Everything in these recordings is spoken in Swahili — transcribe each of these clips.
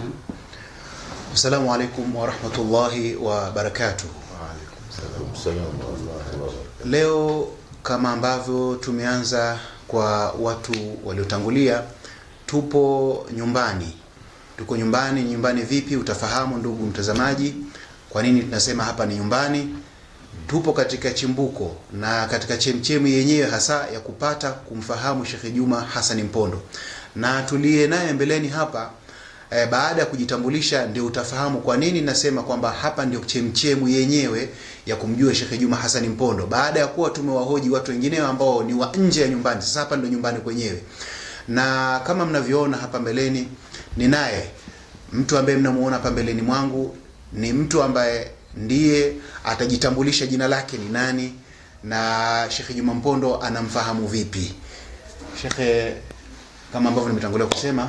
عليكم السلام عليكم ورحمة الله وبركاته Leo kama ambavyo tumeanza kwa watu waliotangulia, tupo nyumbani. Tuko nyumbani. Nyumbani vipi? Utafahamu ndugu mtazamaji, kwa nini tunasema hapa ni nyumbani. Tupo katika chimbuko na katika chemchemi yenyewe hasa ya kupata kumfahamu Sheikh Juma Hassan Mpondo, na tuliye naye mbeleni hapa e, baada ya kujitambulisha ndio utafahamu kwa nini nasema kwamba hapa ndio chemchemu yenyewe ya kumjua Sheikh Juma Hassan Mpondo, baada ya kuwa tumewahoji watu wengineo ambao ni wa nje ya nyumbani. Sasa hapa ndio nyumbani kwenyewe, na kama mnavyoona hapa mbeleni, ninaye mtu ambaye mnamuona hapa mbeleni mwangu ni mtu ambaye ndiye atajitambulisha jina lake ni nani na Sheikh Juma Mpondo anamfahamu vipi Sheikh, kama ambavyo nimetangulia kusema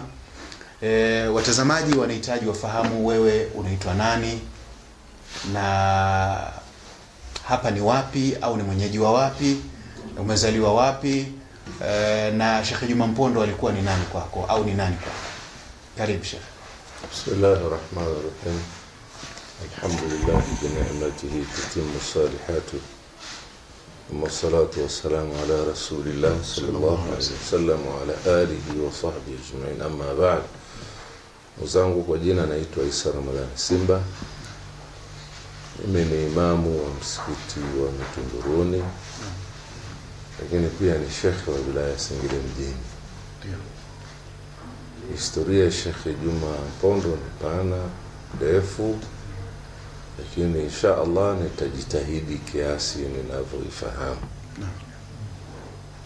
E, watazamaji wanahitaji wafahamu wewe unaitwa nani na hapa ni wapi au ni mwenyeji wa wapi, umezaliwa wapi? E, na Sheikh Juma Mpondo alikuwa ni nani kwako au ni nani kwako? Karibu Sheikh. Bismillahir Rahmanir Rahim. Alhamdulillah bi ni'matihi tatimmu salihatu salatu wa salamu ala rasulillah sallallahu alayhi wa sallam wa ala alihi wa sahbihi ajma'in amma ba'd. Mwenzangu kwa jina naitwa Isa Ramadhani Simba. Mimi ni imamu wa msikiti wa Mtunduruni, lakini pia ni shekhe wa wilaya ya Singida mjini. Historia ya Shekhe Juma pondo ni pana ndefu, lakini insha Allah nitajitahidi kiasi ninavyoifahamu.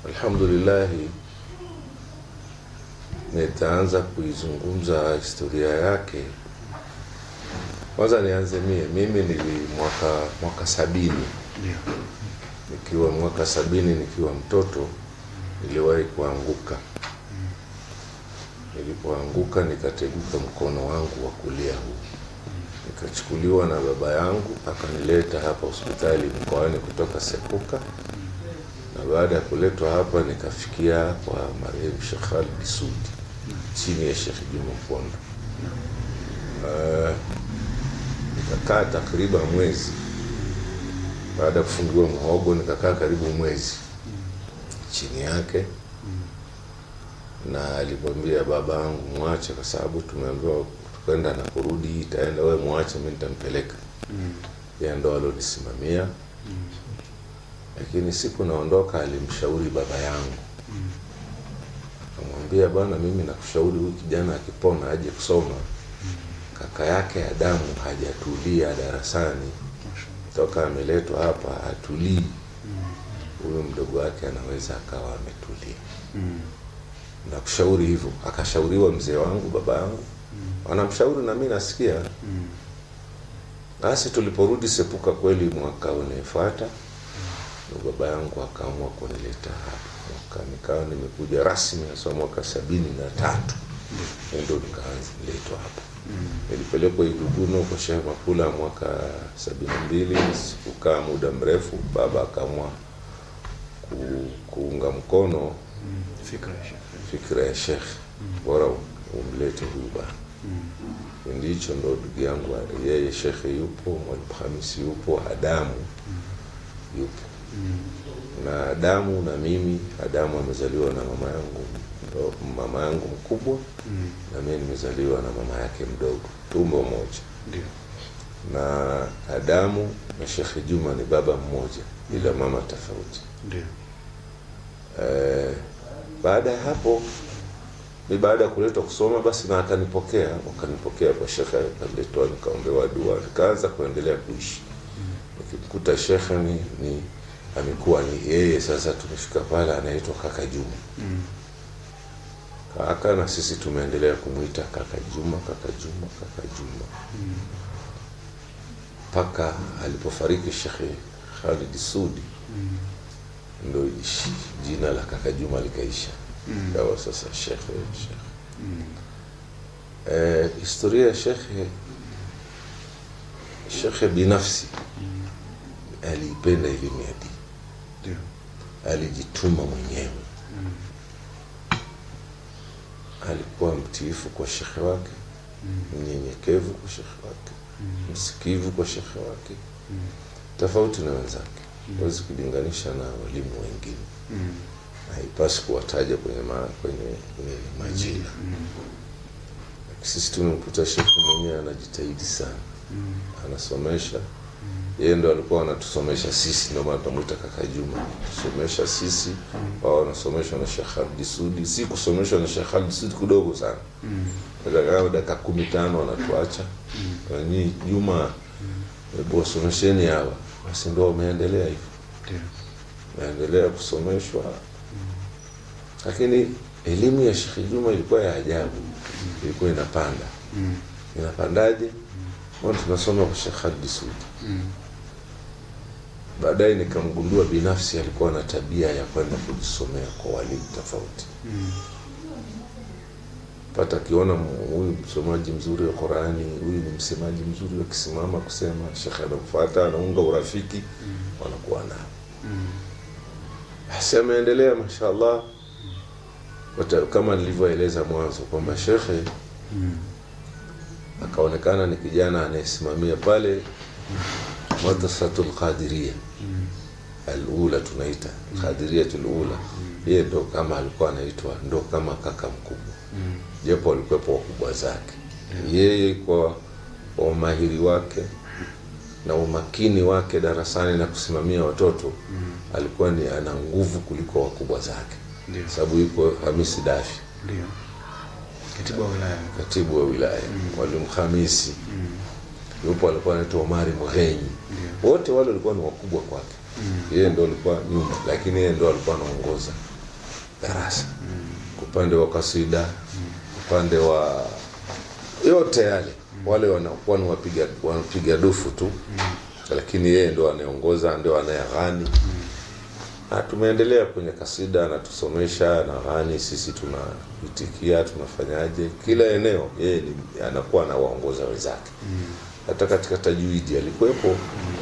Alhamdulillahi nitaanza kuizungumza historia yake, kwanza nianze mie. Mimi nili mwaka mwaka sabini, nikiwa mwaka sabini, nikiwa mtoto niliwahi kuanguka. Nilipoanguka nikateguka mkono wangu wa kulia huu, nikachukuliwa na baba yangu akanileta hapa hospitali mkoani kutoka sepuka na baada ya kuletwa hapa nikafikia kwa marehemu Sheikh Khalid Sudi chini ya Sheikh Juma Mponda. Uh, eh, nikakaa takriban mwezi baada ya kufungiwa muhogo, nikakaa karibu mwezi chini yake, na alimwambia babangu, mwache kwa sababu tumeambiwa tukaenda na kurudi, itaenda wewe, mwache mimi nitampeleka. ya ndo alonisimamia, lakini siku naondoka alimshauri baba yangu Kamwambia bwana, mimi nakushauri huyu kijana akipona aje kusoma. Kaka yake Adamu hajatulia darasani toka ameletwa hapa, hatulii. Huyu mdogo wake anaweza akawa ametulia. Nakushauri hivyo. Akashauriwa mzee wangu, baba yangu wanamshauri, na mi nasikia basi tuliporudi Sepuka kweli mwaka unaefuata, baba yangu akaamua kunileta hapa mwaka nikawa nimekuja rasmi hasa mwaka sabini na tatu ndio nikaanza hapa hapo mm. Nilipelekwa Iguguno kwa Shehe Makula mwaka sabini mbili. Sikukaa muda mrefu, baba akaamua ku, kuunga mkono mm. fikra ya shehe mm. bora umlete huyu bana mm. Kipindi hicho ndo ndugu yangu yeye Shekhe yupo, Mwalimu Hamisi yupo, adamu mm. yupo mm na Adamu na mimi. Adamu amezaliwa na mama yangu mama yangu mkubwa mm. na mimi nimezaliwa na mama yake mdogo, tumbo moja Na Adamu na Sheikh Juma ni baba mmoja ila mm. mama tofauti Eh, baada ya hapo ni baada ya kuletwa kusoma basi, na akanipokea wakanipokea kwa shekhe, akaletwa nikaombewa dua, nikaanza kuendelea kuishi mm. shekhe ni, ni amekuwa ni yeye. Sasa tumefika pale, anaitwa kaka Juma mm. kaka, na sisi tumeendelea kumwita kaka Juma, kaka Juma, kaka Juma mm. mpaka mm. alipofariki Shekhe Khalid Sudi mm. ndo jina la kaka Juma likaisha mm. kawa sasa shekhe shekhe mm. Eh, historia ya shekhe shekhe binafsi mm. aliipenda elimu ya dini Alijituma mwenyewe mm. Alikuwa mtiifu kwa shekhe wake mm. Mnyenyekevu kwa shekhe wake mm. Msikivu kwa shekhe wake mm. Tofauti na wenzake mm. kulinganisha na walimu wengine mm. Haipasi kuwataja kwenye, kwenye majina mm. Sisi tumekuta shekhe mwenyewe anajitahidi sana mm. Anasomesha yeye ndo alikuwa anatusomesha sisi, ndio maana tunamuita kaka Juma, tusomesha sisi. Wao wanasomeshwa na Sheikh Abdi Sudi, si kusomeshwa na Sheikh Abdi Sudi kidogo sana, kama dakika kumi tano wanatuacha nyi, Juma hebu wasomesheni hawa. Basi ndo wameendelea hivyo, naendelea kusomeshwa. Lakini elimu ya Sheikh Juma ilikuwa ya ajabu, ilikuwa inapanda. Inapandaje? tunasoma kwa Sheikh Hadi mm. Baadaye nikamgundua binafsi alikuwa na tabia ya kwenda kujisomea kwa walimu tofauti mm. Pata akiona huyu msomaji mzuri wa Qurani, huyu ni msemaji mzuri, akisimama kusema shekhe anamfuata, anaunga urafiki mm. wanakuwa nao mm. ameendelea mashaallah, mm. kama nilivyoeleza mwanzo kwamba shekhe mm akaonekana ni kijana anayesimamia pale madrasatul qadiria alula tunaita qadiriatul ula. Yeye ndo kama alikuwa anaitwa, ndo kama kaka mkubwa, japo alikuwepo wakubwa zake. Yeye kwa umahiri wake na umakini wake darasani na kusimamia watoto alikuwa ni ana nguvu kuliko wakubwa zake, sababu yuko Hamisi Dafi katibu wa wilaya, katibu wa wilaya mm. Mwalimu Hamisi mm. yupo, alikuwa anaitwa Omari Mhenyi, wote wale walikuwa ni wakubwa kwake mm. yeye ndo alikuwa nyuma, lakini yeye ndo alikuwa anaongoza darasa mm. upande wa kasida mm. upande wa yote yale mm. wale wanakuwa ni wapiga wanapiga dufu tu mm. lakini yeye ndo anaongoza, ndio anayeghani mm. Ha, tumeendelea kwenye kasida tusomesha na ghani, sisi tunaitikia, tunafanyaje. Kila eneo yeye anakuwa waongoza wenzake mm. hata katika tajwidi alikuwepo mm.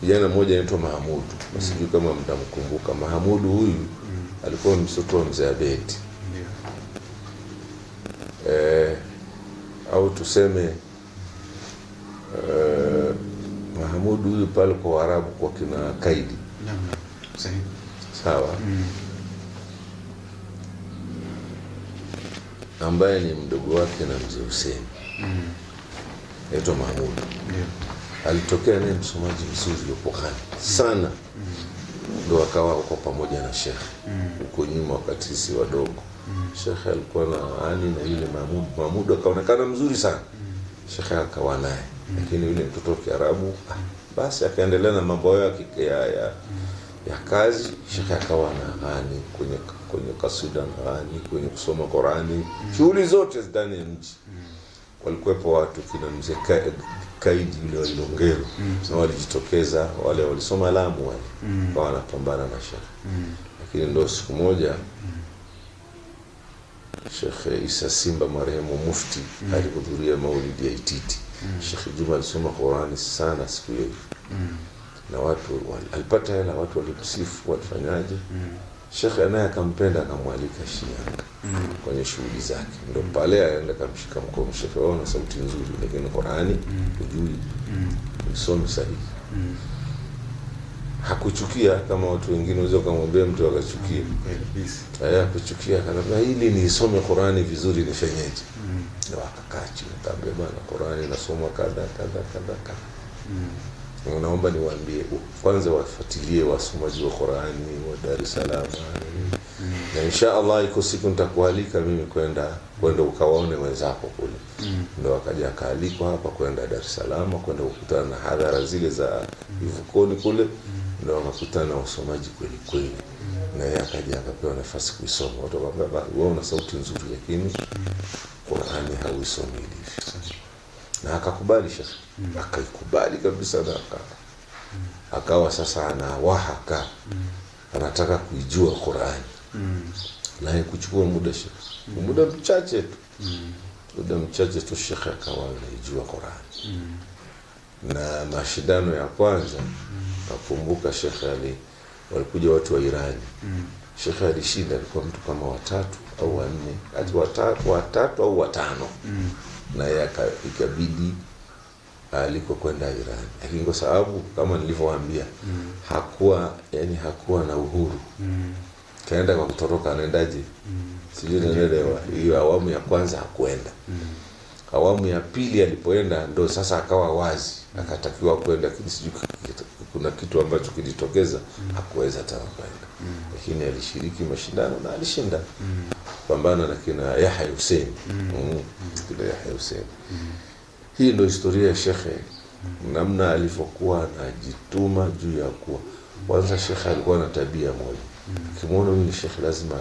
kijana mm. mmoja anaitwa Mahamudu mm. sijui kama mtamkumbuka Mahamudu huyu mm. alikuwa mtoto wa mzee Abedi yeah. eh, au tuseme eh, Mahamudu huyu pale kwa Waarabu kwa kina Kaidi Sawa mm. ambaye ni mdogo wake na mzee Hussein mm. naitwa Mahmud yeah. alitokea naye msomaji mzuri mm. sana ndo akawa uko pamoja na shekhe huko mm. nyuma, wakati sisi wadogo mm. shekhe alikuwa na ani na yule Mahmud. Mahmud akaonekana mzuri sana mm. shekhe akawa naye mm. lakini yule mtoto wa Kiarabu ah, basi akaendelea na mambo hayo ya, ya, ya mm ya kazi shekhe akawa na ghani kwenye, kwenye kasida na ghani kwenye kusoma Qurani mm. shughuli zote ndani ya nchi mm. walikuwepo watu kina mzee kaidi yule walilongero mm. na walijitokeza wale walisoma Lamu wale mm. kwa wanapambana na shekhe mm. lakini ndo siku moja mm. Shekhe Isa Simba marehemu mufti mm. alihudhuria maulidi ya Ititi mm. Shekhe Juma alisoma Qurani sana siku hiyo mm na watu alipata hela, watu walimsifu, walifanyaje? mm. Shekhe naye akampenda, akamwalika Shinyanga mm. kwenye shughuli zake, ndo pale aenda kamshika mkono Shekhe wao na sauti nzuri, lakini Qurani mm. hujui mm. msomi sahihi mm. Hakuchukia kama watu wengine, unaweza ukamwambia mtu akachukia mm. okay. Hakuchukia, kana hili ni isome Qurani vizuri, nifanyeje? mm. Ndio akakaa chini, akaambia bana, Qurani nasoma kadha kadha kadha kadha mm. Naomba niwaambie kwanza, wafuatilie wasomaji wa Qurani wa Dar es Salaam mm. na insha Allah iko siku nitakualika mimi kwenda kwenda ukawaone wenzako kule mm. ndio akaja akaalikwa hapa kwenda Dar es Salaam kwenda kukutana na hadhara zile za Ivukoni kule ndio akakutana na wasomaji kweli kweli na yeye akaja akapewa nafasi kuisoma. Watu wakamwambia wewe una sauti nzuri, lakini Qurani hauisomi ilivyo na akakubali shekhe mm. akaikubali kabisa na mm. akawa sasa anawahaka mm. anataka kuijua Qurani mm. naye kuchukua muda shekhe mm. muda mchache tu mm. muda mchache tu shekhe akawa anaijua Qurani mm. na mashindano ya kwanza mm. nakumbuka mm. shekhe ali walikuja watu wa Irani mm. Shekhe alishinda, alikuwa mtu kama watatu au wanne, watatu au watano mm na yeye ikabidi ah, kwenda Iran, lakini kwa sababu kama nilivyowaambia mm. hakuwa yani hakuwa na uhuru mm. kaenda kwa kutoroka, anaendaje? mm. sijui naelewa mm. hiyo. Awamu ya kwanza hakuenda mm. awamu ya pili alipoenda ndo sasa akawa wazi, akatakiwa kwenda, lakini sijui kuna kitu ambacho kilitokeza mm. hakuweza tena kwenda mm. lakini alishiriki mashindano na alishinda mm. pambana na kina Yahya Hussein mm. mm. mm mtu Yahya Hussein. mm -hmm. Hii ndio historia ya shekhe namna alivyokuwa anajituma juu ya kuwa kwanza, shekhe alikuwa na tabia moja, kimwona huyu ni shekhe lazima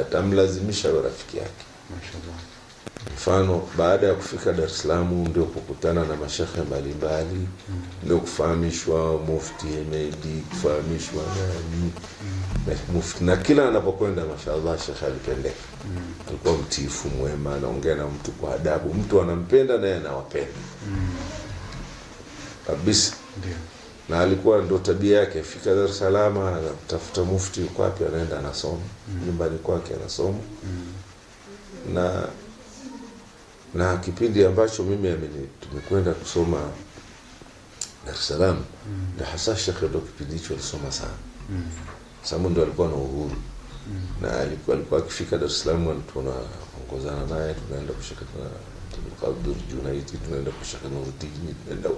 atamlazimisha awe rafiki yake. Mfano, baada ya kufika Dar es Salaam ndio kukutana na mashekhe mbalimbali, mm. ndio kufahamishwa mufti Hemedi, kufahamishwa nani mm na kila anapokwenda mashallah, shekhe alipendeka mm. alikuwa mtiifu, mwema, anaongea na mtu kwa adabu, mtu anampenda naye anawapenda kabisa na alikuwa ndo tabia yake, afika Dar anatafuta mufti yuko wapi, anaenda anasoma mm. nyumbani kwake anasoma mm. na na kipindi ambacho mimi tumekwenda kusoma Dar Salaam mm. na hasa shekhe ndo kipindi hicho alisoma sana mm sababu ndo alikuwa na uhuru na alikuwa alikuwa akifika Dar es Salaam tunaongozana naye, tunaenda kushaka na Abdul Junaidi, tunaenda kushaka Rutini tunaenda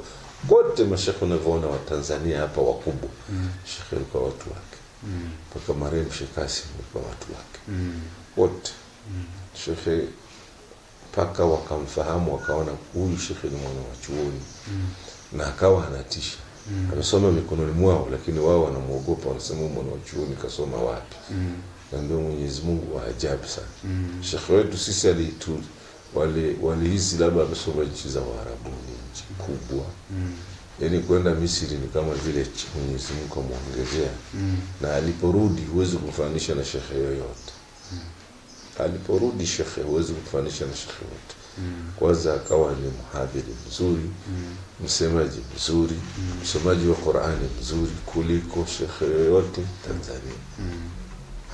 kote mashekhe unavyoona wa Tanzania hapa wakubwa mm. shekhe alikuwa watu wake mpaka mm. marehemu Sheikh Kasim alikuwa watu wake mm. wote mm. shekhe paka wakamfahamu wakaona huyu shekhe ni mwana wa chuoni mm. na akawa anatisha mm. amesoma mikononi mwao, lakini wao wanamwogopa, wanasema mwanachuoni kasoma wapi? mm. Mwenyezi Mungu wa ajabu sana mm. shekhe wetu sisi alitu wale walihisi labda amesoma nchi za Waarabuni, nchi kubwa mm. yaani kwenda Misri ni kama vile Mwenyezi Mungu kamwongezea mm. na aliporudi huwezi kumfananisha na shekhe yoyote mm. aliporudi shekhe huwezi kumfananisha na shekhe yoyote mm. Kwanza akawa ni mhadhiri mzuri mm. msemaji mzuri mm. msomaji wa Qur'ani mzuri kuliko shekhe yoyote Tanzania mm.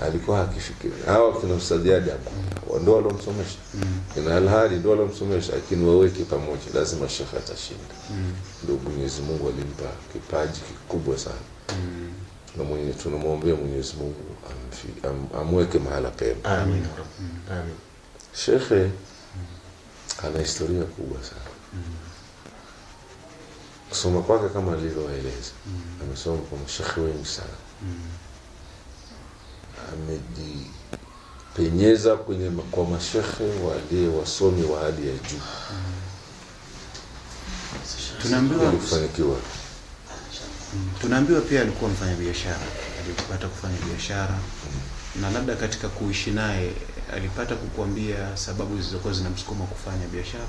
Alikuwa akifikiri hawa kina usadiadi hakuna, mm. ndio walomsomesha mm. kina Alhadi ndio walomsomesha, lakini waweke pamoja, lazima shekhe atashinda. Mm. Ndio mm. Mwenyezi Mungu alimpa kipaji kikubwa sana mm. na mwenye tunamwombea Mwenyezi Mungu amweke am, amweke mahala pema, amin, amin. Mm. Shekhe ana historia kubwa sana mm kusoma kwake kama alivyoeleza mm amesoma kwa mashekhe wengi sana mm amejipenyeza kwenye kwa mashekhe waliye wasomi wa hali ya juu mm. tunaambiwa kufanikiwa mm. tunaambiwa pia alikuwa mfanya biashara alipata kufanya biashara mm na labda katika kuishi naye alipata kukuambia sababu zilizokuwa zinamsukuma kufanya biashara?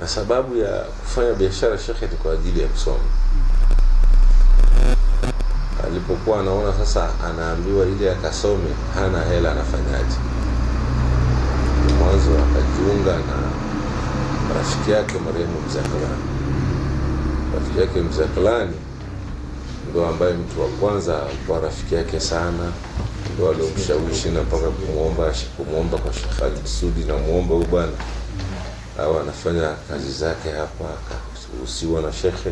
Na sababu ya kufanya biashara shekhe, ni kwa ajili ya kusoma. Alipokuwa anaona sasa anaambiwa ili akasome, hana hela, anafanyaje? Mwanzo akajiunga na rafiki yake marehemu mzaklani rafiki yake mzaklani ndo ambaye mtu wa kwanza alikuwa rafiki yake sana, ndo aliomshawishi na mpaka kumwomba kumwomba kwa Sheikh Ali Sudi, namwomba huyu bwana au anafanya kazi zake hapa, akahusiwa na shekhe,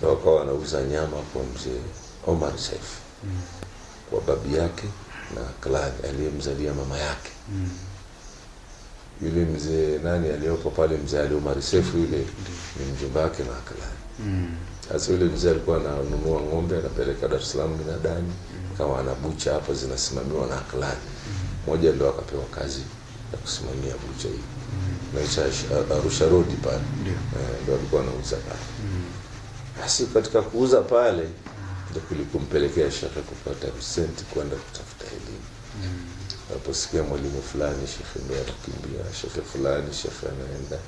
ndo akawa wanauza nyama kwa mzee Omar Saif kwa babi yake na Claude aliyemzalia mama yake yule mzee nani aliyopo pale, mzee Ali Omar Saif yule ni mjomba wake na Akalani. Sasa yule mzee alikuwa ananunua ng'ombe anapeleka Dar es Salaam binadani, kama ana bucha hapa zinasimamiwa na clan moja, ndio akapewa kazi ya kusimamia bucha hiyo naisha Arusha Road pale, eh, ndio alikuwa anauza pale. Basi katika kuuza pale ndio kulikumpelekea Shekhe kupata visenti kwenda kutafuta elimu. Aliposikia mwalimu fulani, Shekhe ndio anakimbia, Shekhe fulani, Shekhe anaenda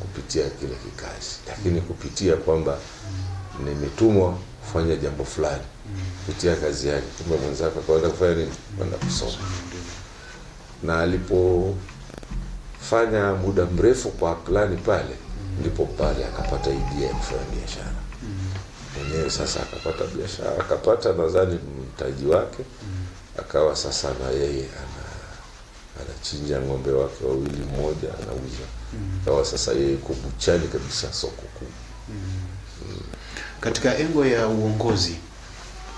kupitia kile kikazi, lakini kupitia kwamba nimetumwa kufanya jambo fulani kupitia kazi yake, kumbe mwenzako akaenda kufanya nini? Kwenda kusoma. Na alipofanya muda mrefu kwa plani pale, ndipo pale akapata idea ya kufanya biashara mwenyewe. Sasa akapata biashara, akapata nadhani mtaji wake, akawa sasa na yeye ana anachinja ng'ombe wake wawili, mmoja anauza, akawa sasa yeye yuko kabisa, soko kuu. Katika engo ya uongozi,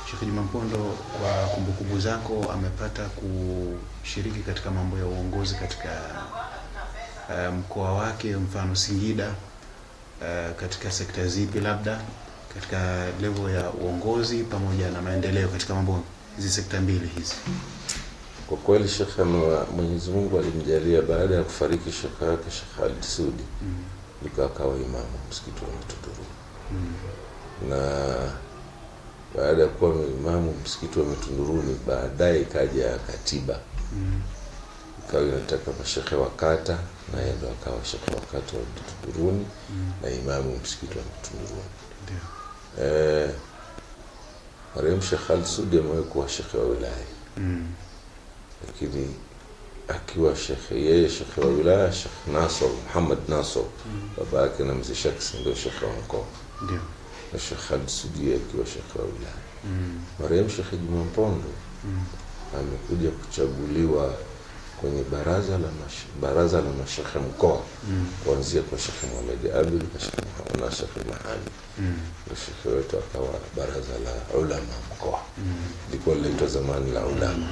Sheikh Juma Mpondo, kwa kumbukumbu zako, amepata kushiriki katika mambo ya uongozi katika uh, mkoa wake, mfano Singida uh, katika sekta zipi, labda katika level ya uongozi pamoja na maendeleo katika mambo hizi sekta mbili hizi? Kwa kweli Sheikh Mwenyezi Mungu alimjalia baada ya kufariki Sheikh yake Sheikh al Sudi mm. ndio akawa imamu msikiti wa Matunduru na baada ya kuwa imamu msikiti wa Mitunduruni, baadaye ikaja katiba mm. ikawa inataka mashehe wa kata, yeye ndo akawa shehe wa kata wa Mitunduruni mm. na imamu msikiti wa Mitunduruni yeah. E, marehemu Sheikh Sudi amewahi kuwa shehe wa wilaya mm. lakini akiwa shekhe yeye shekhe wa wilaya Sheikh Nasor Muhammad Nasor mm. baba yake na mzee Shaksi ndio shekhe wa mkoa na Sheikh yake akiwa wa wilaya mm. marehemu Sheikh Juma Mpondo mm. amekuja kuchaguliwa kwenye baraza la mash, baraza la mashekhe mkoa mm. kuanzia kwa Shekhe Mohamed Abdul na Shekhe Mahali mm. na shekhe wetu akawa baraza la ulama mkoa ilikuwa mm. linaitwa zamani la ulama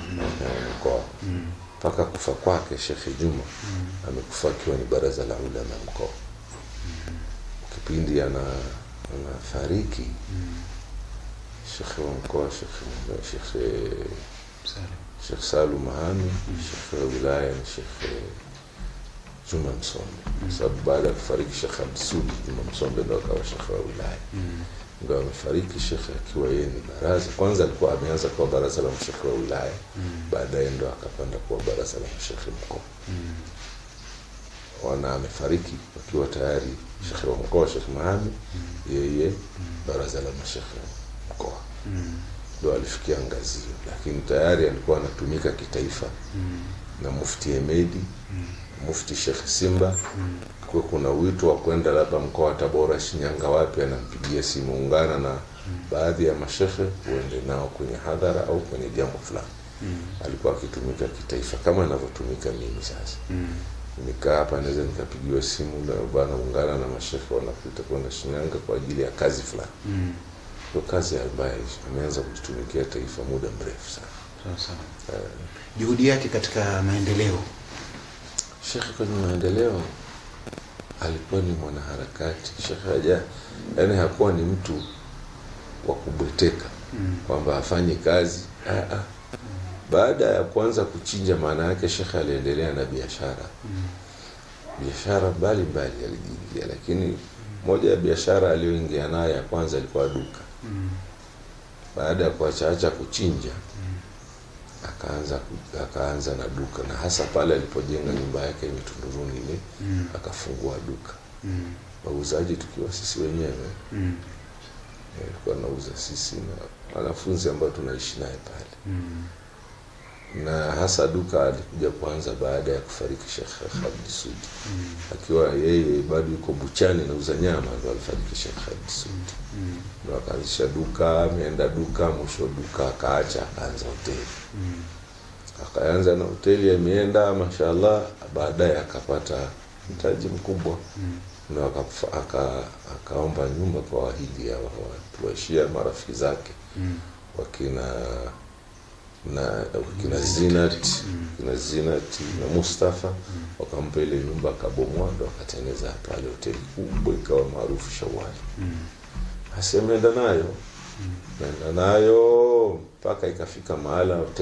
mkoa mm. mpaka mm. kufa kwake Shekhe Juma mm. amekufa akiwa ni baraza la ulama mkoa mm. kipindi ana الفاريكي الشيخ وانكوا الشيخ الشيخ الشيخ سالو مهامي الشيخ ولاية الشيخ جمع مصومبي صار بعد الفريق الشيخ مسود جمع مصومبي ndo akawa shekhe wa wilaya ndo amefariki shekhe akiwa yeye ni baraza kwanza alikuwa ameanza kuwa baraza la mshekhe wa wilaya baadaye ndo akapanda kuwa baraza la mshekhe mkoa wana amefariki wakiwa tayari shekhe wa mkoa Shekh Mahami yeye baraza la mashekhe mkoa ndo alifikia ngazi hiyo, lakini tayari alikuwa anatumika kitaifa na mufti emedi mufti Shekh Simba kwa kuna wito wa kwenda labda mkoa wa Tabora, Shinyanga, wapi, anampigia simu, ungana na baadhi ya mashekhe uende nao kwenye hadhara au kwenye jambo fulani. Alikuwa akitumika kitaifa kama anavyotumika mimi sasa nikaa hapa naweza nikapigiwa simu leo, ungana na mashefu wanapita kwenda Shinyanga kwa ajili ya kazi fulani mm. Ndio kazi ambayo ameanza kujitumikia taifa muda mrefu sana. Eh. juhudi Uh, yake katika maendeleo, Shekhe kwenye maendeleo alikuwa ni mwanaharakati Shekhe haja, yani hakuwa ni mtu wa kubweteka mm. kwamba afanye kazi ah, ah. Baada ya kuanza kuchinja, maana yake shekhe aliendelea na biashara mm. biashara mbalimbali alijiingia, lakini moja ya biashara aliyoingia nayo ya kwanza ilikuwa duka mm. baada ya kuachaacha kuchinja mm. akaanza akaanza na duka, na hasa pale alipojenga nyumba yake Mitunduruni ile mm. akafungua duka mm. wauzaji tukiwa sisi wenyewe mm. alikuwa eh, nauza sisi na wanafunzi ambao tunaishi naye pale mm na hasa duka alikuja kuanza baada ya kufariki Sheikh Khalid mm. Sudi mm. akiwa yeye bado yuko buchani na uza nyama, ndo alifariki Sheikh Khalid mm. Sudi mm. ndo akaanzisha duka, ameenda duka mwisho duka akaacha, akaanza hoteli mm. akaanza na hoteli ameenda, mashallah baadaye akapata mtaji mkubwa mm. na akaomba nyumba kwa wahidi hawa watu waishia marafiki zake mm. wakina na kina Zinat kina Zinat na Mustafa wakampa ile nyumba akabomoa, ndo akatengeneza pale hoteli kubwa ikawa maarufu Shawali. Hasa ameenda nayo naenda nayo mpaka ikafika mahala hoteli